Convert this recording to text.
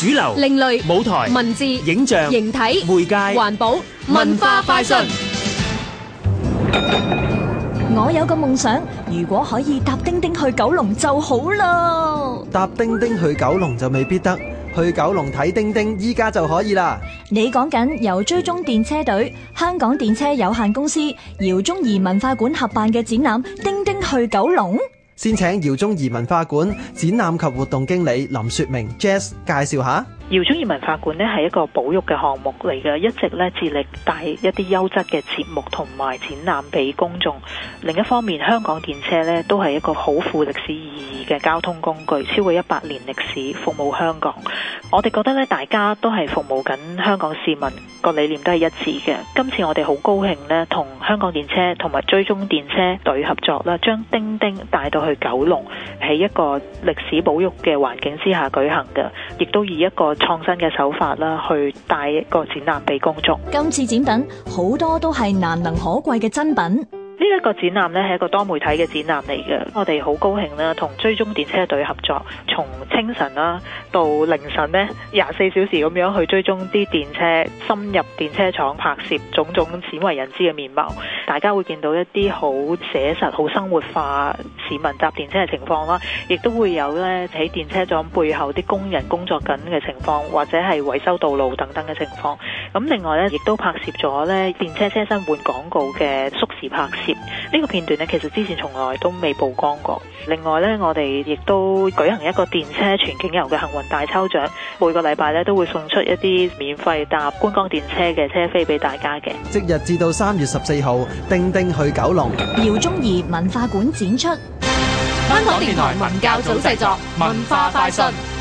主流、另類舞台、文字、影像、形體、媒介、環保、文化快訊。我有個夢想，如果可以搭叮叮去九龍就好咯。搭叮叮去九龍就未必得，去九龍睇叮叮，依家就可以啦。你講緊由追蹤電車隊、香港電車有限公司、饒宗頤文化館合辦嘅展覽《叮叮去九龍》？先請饒宗頤文化館展覽及活動經理林雪明 Jess 介紹下。饒宗頤文化館咧係一個保育嘅項目嚟嘅，一直咧致力帶一啲優質嘅節目同埋展覽俾公眾。另一方面，香港電車咧都係一個好富歷史意義嘅交通工具，超過一百年歷史，服務香港。我哋覺得咧，大家都係服務緊香港市民個理念都係一致嘅。今次我哋好高興咧，同香港電車同埋追蹤電車隊合作啦，將叮叮帶到去九龍，喺一個歷史保育嘅環境之下舉行嘅，亦都以一個。創新嘅手法啦，去帶一個展覽俾公眾。今次展品好多都係難能可貴嘅珍品。呢一個展覽呢係一個多媒體嘅展覽嚟嘅，我哋好高興啦，同追蹤電車隊合作，從清晨啦到凌晨呢，廿四小時咁樣去追蹤啲電車，深入電車廠拍攝種種鮮為人知嘅面貌。大家會見到一啲好寫實、好生活化市民搭電車嘅情況啦，亦都會有呢喺電車廠背後啲工人工作緊嘅情況，或者係維修道路等等嘅情況。咁另外咧，亦都拍攝咗咧電車車身換廣告嘅縮時拍攝，呢、這個片段呢，其實之前從來都未曝光過。另外咧，我哋亦都舉行一個電車全景遊嘅幸運大抽獎，每個禮拜咧都會送出一啲免費搭觀光電車嘅車飛俾大家嘅。即日至到三月十四號，叮叮去九龍。饒宗頤文化館展出。香港電台文教組製作文化快訊。